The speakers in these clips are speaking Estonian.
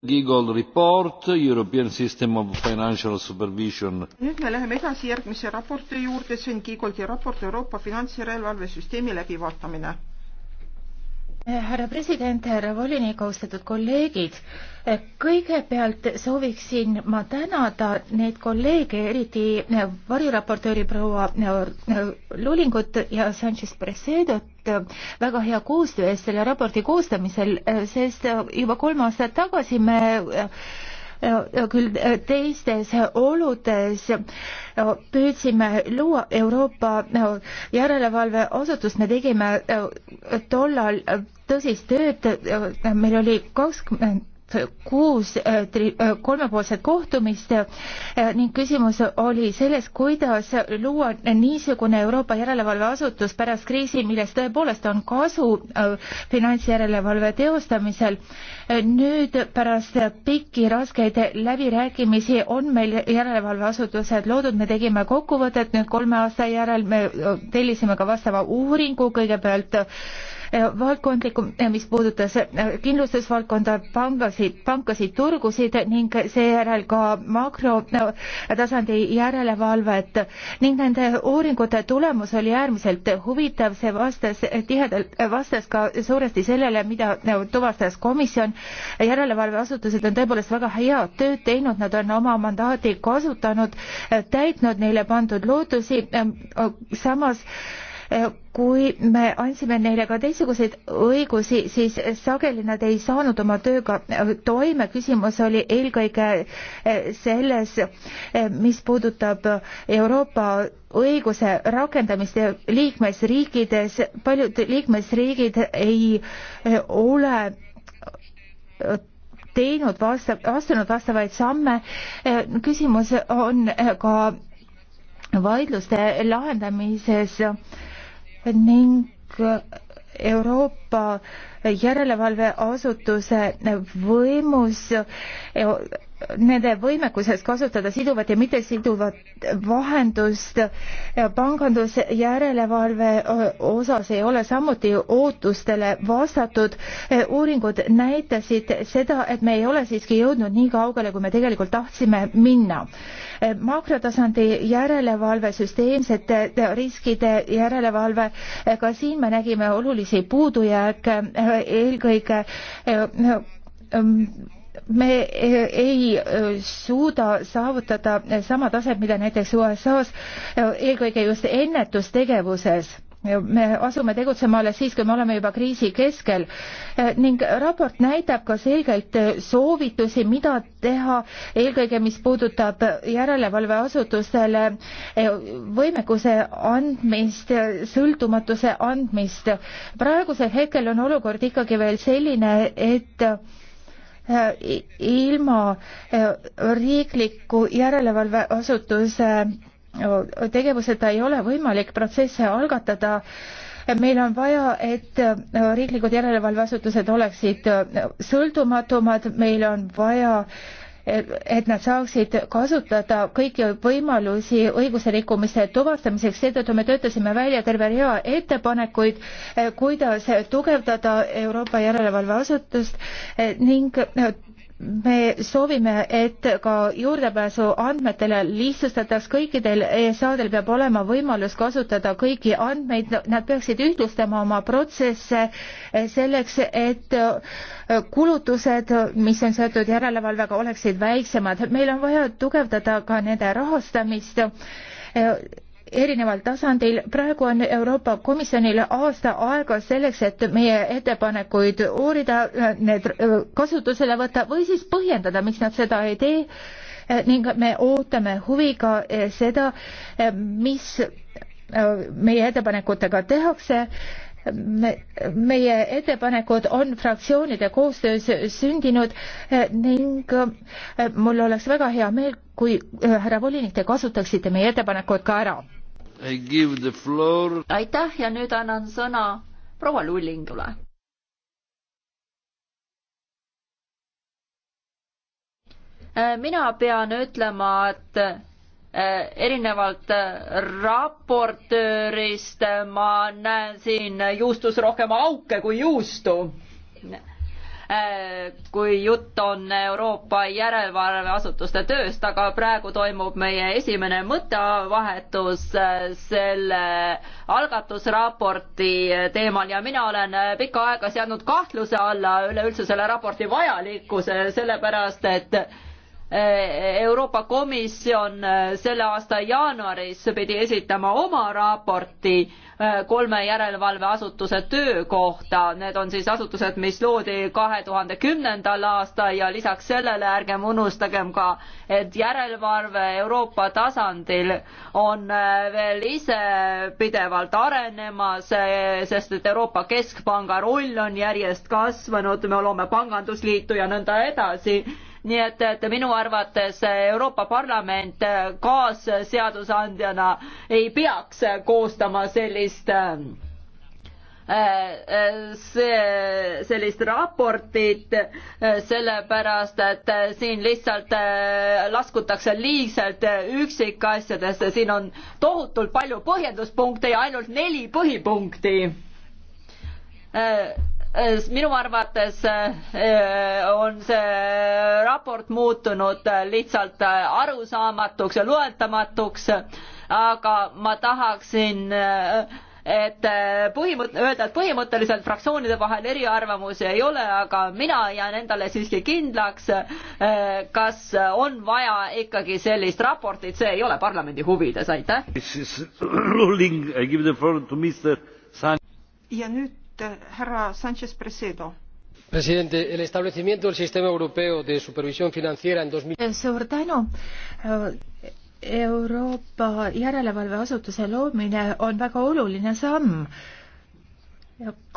Giegold report, European System of Financial Supervision. nüüd me läheme edasi järgmise raporti juurde, see on Giegoldi raport Euroopa finantsjärelevalvesüsteemi läbivaatamine härra president, härra volinik, austatud kolleegid. kõigepealt sooviksin ma tänada neid kolleege, eriti variraportööri proua Lulingut ja Sanchez Presedot väga hea koostöö eest selle raporti koostamisel, sest juba kolm aastat tagasi me Äh, küll äh, teistes oludes äh, püüdsime luua Euroopa järelevalveasutust, me tegime tollal tõsist tööd, meil oli kakskümmend kuus äh, äh, kolmepoolset kohtumist äh, ning küsimus oli selles, kuidas luua niisugune Euroopa järelevalveasutus pärast kriisi, millest tõepoolest on kasu finantsjärelevalve teostamisel. nüüd pärast pikki raskeid läbirääkimisi on meil järelevalveasutused loodud, me tegime kokkuvõtet nüüd kolme aasta järel, me tellisime ka vastava uuringu kõigepealt Eh, valdkondlikku, eh, mis puudutas eh, kindlustusvaldkonda, pangasid, pankasid, turgusid ning seejärel ka makrotasandi järelevalvet ning nende uuringute tulemus oli äärmiselt huvitav, see vastas tihedalt, vastas ka suuresti sellele, mida tuvastas komisjon. järelevalveasutused on tõepoolest väga head tööd teinud, nad on oma mandaati kasutanud, täitnud neile pandud lootusi, samas Eh, kui me andsime neile ka teistsuguseid õigusi, siis sageli nad ei saanud oma tööga eh, toime. küsimus oli eelkõige eh, selles, mis puudutab Euroopa õiguse rakendamist liikmesriikides. paljud liikmesriigid ei ole teinud vastav, astunud vastavaid samme. küsimus on ka vaidluste lahendamises ning Euroopa järelevalveasutuse võimus nende võimekuses kasutada siduvat ja mittesiduvat vahendust pangandusjärelevalve osas ei ole samuti ootustele vastatud. uuringud näitasid seda, et me ei ole siiski jõudnud nii kaugele, kui me tegelikult tahtsime minna. makrotasandi järelevalve, süsteemsete riskide järelevalve, ka siin me nägime olulisi puudujääke, eelkõige me ei äh, suuda saavutada sama taset, mida näiteks USA-s, äh, eelkõige just ennetustegevuses me asume tegutsema alles siis, kui me oleme juba kriisi keskel äh, ning raport näitab ka selgelt soovitusi, mida teha, eelkõige mis puudutab järelevalveasutustele võimekuse andmist, sõltumatuse andmist. praegusel hetkel on olukord ikkagi veel selline, et Äh, ilma äh, riikliku järelevalveasutuse äh, tegevuseta ei ole võimalik protsesse algatada. meil on vaja, et riiklikud järelevalveasutused oleksid sõltumatumad, meil on vaja et nad saaksid kasutada kõiki võimalusi õiguserikkumiste tuvastamiseks, seetõttu me töötasime välja terve rea ettepanekuid, eh, kuidas tugevdada Euroopa järelevalveasutust eh, ning eh, me soovime, et ka juurdepääsu andmetele lihtsustataks kõikidel ESA-del peab olema võimalus kasutada kõiki andmeid, nad peaksid ühtlustama oma protsesse selleks, et kulutused, mis on seotud järelevalvega, oleksid väiksemad. meil on vaja tugevdada ka nende rahastamist erineval tasandil. praegu on Euroopa Komisjonil aasta aega selleks, et meie ettepanekuid uurida, need äh, kasutusele võtta või siis põhjendada, miks nad seda ei tee äh, ning me ootame huviga äh, seda, mis meie ettepanekutega tehakse me, meie ettepanekud on fraktsioonide koostöös sündinud ning mul oleks väga hea meel, kui härra volinik, te kasutaksite meie ettepanekud ka ära aitäh ja nüüd annan sõna proua Lullingule. Äh, mina pean ütlema, et äh, erinevalt äh, raportöörist ma näen siin juustus rohkem auke kui juustu Äh, kui jutt on Euroopa järelevalveasutuste tööst, aga praegu toimub meie esimene mõttevahetus äh, selle algatusraporti teemal ja mina olen äh, pikka aega seadnud kahtluse alla üleüldse selle raporti vajalikkuse, sellepärast et Eh, Euroopa Komisjon eh, selle aasta jaanuaris pidi esitama oma raporti eh, kolme järelevalveasutuse töö kohta. Need on siis asutused, mis loodi kahe tuhande kümnendal aastal ja lisaks sellele ärgem unustagem ka, et järelevalve Euroopa tasandil on veel ise pidevalt arenemas, sest et Euroopa Keskpanga roll on järjest kasvanud, me loome pangandusliitu ja nõnda edasi nii et, et minu arvates Euroopa Parlament kaasseadusandjana ei peaks koostama sellist äh, äh, see, sellist raportit, äh, sellepärast et siin lihtsalt laskutakse liigselt üksikasjadesse, siin on tohutult palju põhjenduspunkte ja ainult neli põhipunkti Äh, minu arvates äh, on see raport muutunud lihtsalt arusaamatuks ja loetamatuks, aga ma tahaksin äh, et põhimõt-, öelda, et põhimõtteliselt fraktsioonide vahel eriarvamusi ei ole, aga mina jään endale siiski kindlaks, kas on vaja ikkagi sellist raportit, see ei ole parlamendi huvides, aitäh. ja nüüd nüüd härra Sanchez Presedo. president, el establecimiento del sistema europeo de supervisión financiera en dos mil. Eh, suur tänu. Eh, Euroopa järelevalveasutuse loomine on väga oluline samm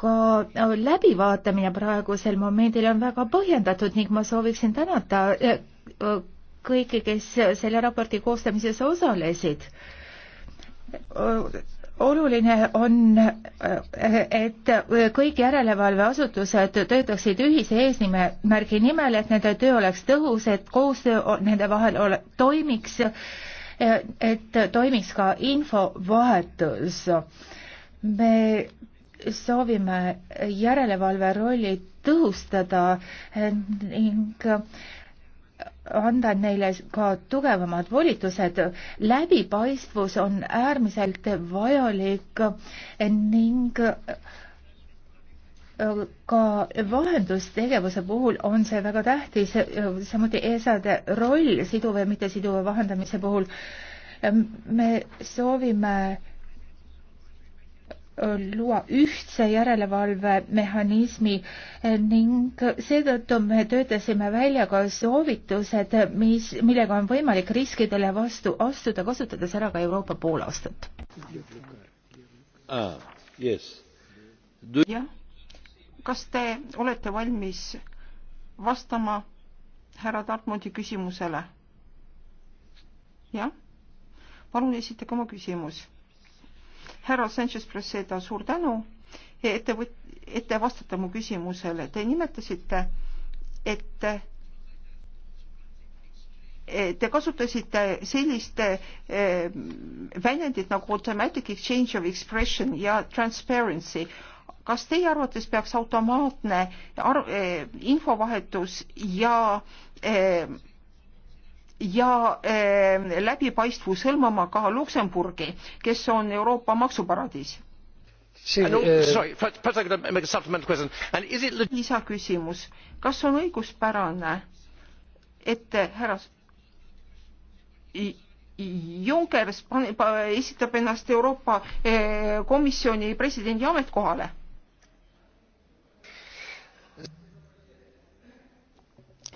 ka läbivaatamine praegusel momendil on väga põhjendatud ning ma sooviksin tänada eh, kõiki, kes selle raporti koostamises osalesid oluline on, et kõik järelevalveasutused töötaksid ühise eesmärgi nimel, et nende töö oleks tõhus, et koostöö nende vahel ole, toimiks, et toimiks ka infovahetus. me soovime järelevalve rolli tõhustada ning anda neile ka tugevamad volitused. läbipaistvus on äärmiselt vajalik ning äh, ka vahendustegevuse puhul on see väga tähtis, samuti ESA-de roll siduva ja mittesiduva vahendamise puhul. Äh, me soovime luua ühtse järelevalvemehhanismi ning seetõttu me töötasime välja ka soovitused, mis, millega on võimalik riskidele vastu astuda, kasutades ära ka Euroopa poolaastat. Ah, jah, kas te olete valmis vastama härra Tartmoodi küsimusele? jah, palun esitage oma küsimus härra Sanchez Preseda, suur tänu, et te, et te vastate mu küsimusele. Te nimetasite, et eh, te kasutasite sellist eh, väljendit nagu automatic exchange of expression ja transparency. kas teie arvates peaks automaatne eh, infovahetus ja ja eh, läbipaistvus hõlmama ka Luksemburgi, kes on Euroopa maksuparadiis eh, lisaküsimus kas on õiguspärane et eh, härra juncker esitab ennast euroopa komisjoni presidendi ametikohale?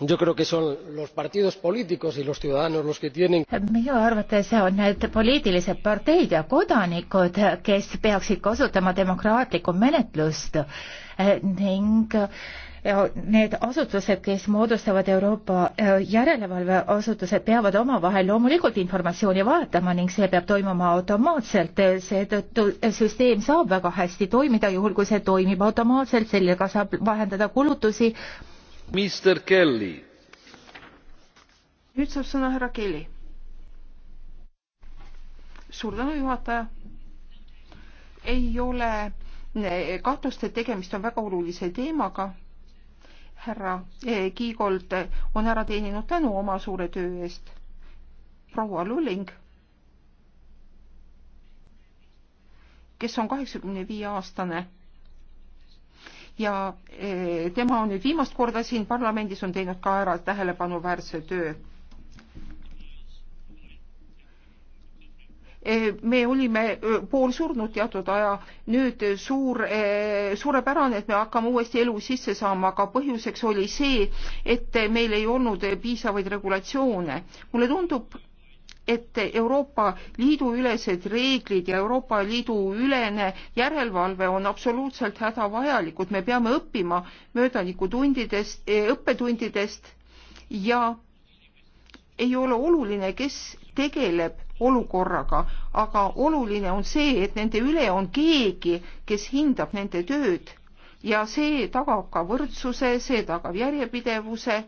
yo creo que son los partidos políticos y los ciudadanos los que tienen minu arvates on need poliitilised parteid ja kodanikud, kes peaksid kasutama demokraatlikku menetlust eh, ning ja eh, need asutused, kes moodustavad Euroopa eh, järelevalveasutused, peavad omavahel loomulikult informatsiooni vahetama ning see peab toimuma automaatselt, seetõttu süsteem saab väga hästi toimida, juhul kui see toimib automaatselt, sellega saab vahendada kulutusi minister Kelly. nüüd saab sõna härra Kelly. suur tänu, juhataja. ei ole kahtlust, et tegemist on väga olulise teemaga. härra eh, Kiigold on ära teeninud tänu oma suure töö eest. proua Lulling, kes on kaheksakümne viie aastane ja e, tema on nüüd viimast korda siin parlamendis, on teinud ka ära tähelepanuväärse töö. E, me olime e, poolsurnud teatud aja, nüüd suur, suurepärane, et me hakkame uuesti elu sisse saama, aga põhjuseks oli see, et meil ei olnud piisavaid regulatsioone. mulle tundub, et Euroopa Liidu ülesed reeglid ja Euroopa Liidu ülene järelevalve on absoluutselt hädavajalikud, me peame õppima möödanikutundidest, eh, õppetundidest ja ei ole oluline, kes tegeleb olukorraga, aga oluline on see, et nende üle on keegi, kes hindab nende tööd ja see tagab ka võrdsuse, see tagab järjepidevuse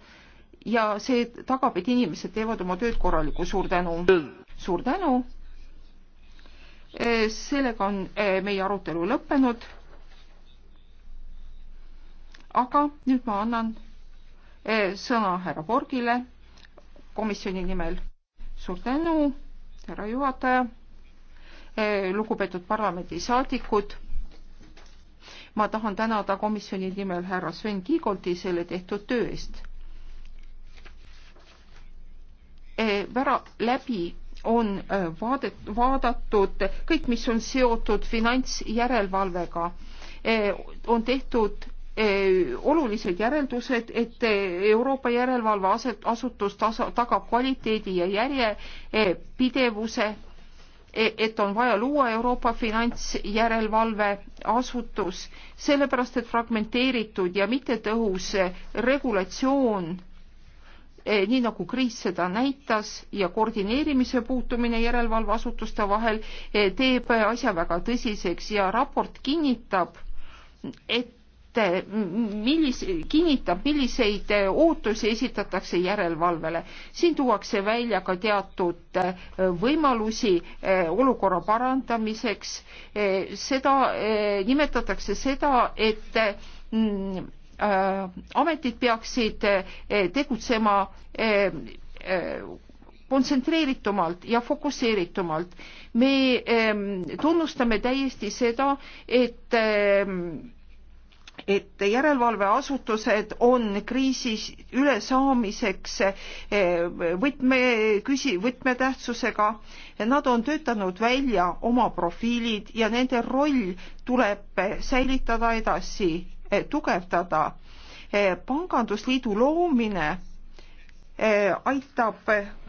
ja see tagab, et inimesed teevad oma tööd korralikku. suur tänu. suur tänu. Eh, sellega on eh, meie arutelu lõppenud. aga nüüd ma annan eh, sõna härra Borgile komisjoni nimel. suur tänu, härra juhataja. lugupeetud parlamendisaadikud ma tahan tänada komisjoni nimel härra Sven Kiigolti selle tehtud töö eest. vära, läbi on äh, vaadet, vaadatud kõik, mis on seotud finantsjärelevalvega, äh, on tehtud äh, olulised järeldused, et Euroopa järelevalve aset, asutus tasa, tagab kvaliteedi ja järjepidevuse, e, et on vaja luua Euroopa finantsjärelevalve asutus, sellepärast et fragmenteeritud ja mittetõhus regulatsioon Eh, nii nagu kriis seda näitas ja koordineerimise puutumine järelevalveasutuste vahel eh, teeb asja väga tõsiseks ja raport kinnitab, et eh, millis-, kinnitab, milliseid ootusi esitatakse järelevalvele. siin tuuakse välja ka teatud võimalusi olukorra parandamiseks. seda, nimetatakse seda, et mm, Äh, ametid peaksid äh, tegutsema äh, kontsentreeritumalt ja fokusseeritumalt. me ähm, tunnustame täiesti seda, et ähm, et järelevalveasutused on kriisis ülesaamiseks võtme, küsi-, võtmetähtsusega. Nad on töötanud välja oma profiilid ja nende roll tuleb säilitada edasi Eh, tugevdada. Eh, pangandusliidu loomine eh, aitab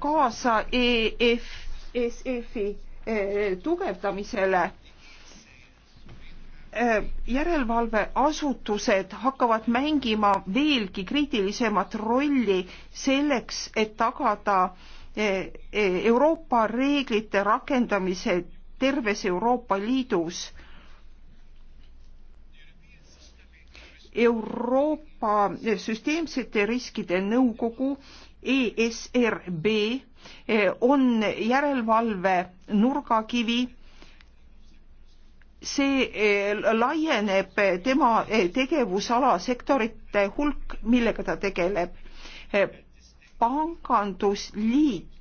kaasa EFSF-i tugevdamisele järelevalveasutused hakkavad mängima veelgi kriitilisemat rolli selleks, et tagada Euroopa reeglite rakendamise terves Euroopa Liidus Euroopa süsteemsete riskide nõukogu ESRB on järelevalve nurgakivi see eh, laieneb tema eh, tegevusala sektorite hulk, millega ta tegeleb. Eh, pangandusliit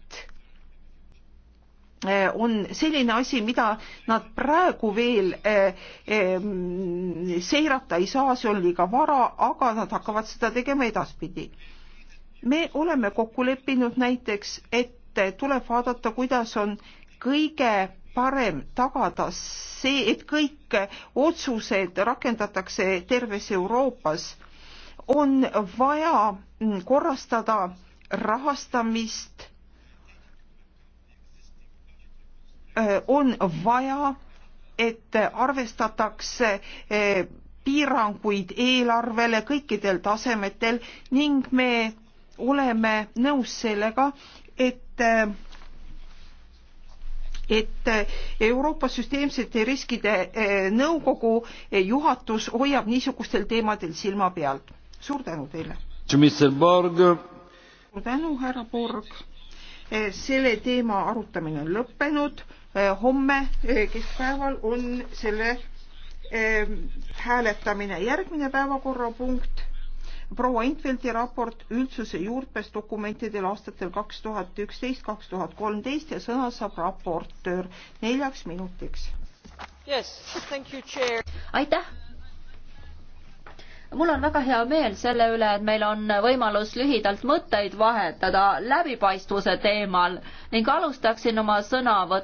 Eh, on selline asi, mida nad praegu veel eh, seirata ei saa, see on liiga vara, aga nad hakkavad seda tegema edaspidi. me oleme kokku leppinud näiteks, et tuleb vaadata, kuidas on kõige parem tagada see, et kõik otsused rakendatakse terves Euroopas. on vaja mm, korrastada rahastamist Äh, on vaja, et arvestatakse äh, piiranguid eelarvele kõikidel tasemetel ning me oleme nõus sellega, et äh, et Euroopa süsteemsete riskide nõukogu juhatus hoiab niisugustel teemadel silma peal. suur tänu teile. suur tänu, härra Borg. selle teema arutamine on lõppenud. Äh, homme äh, keskpäeval on selle ähm, hääletamine. järgmine päevakorrapunkt, proua Intveldi raport üldsuse juurdpääs dokumentidel aastatel kaks tuhat üksteist, kaks tuhat kolmteist ja sõna saab raportöör neljaks minutiks yes,. aitäh mul on väga hea meel selle üle, et meil on võimalus lühidalt mõtteid vahetada läbipaistvuse teemal ning alustaksin oma sõnavõttu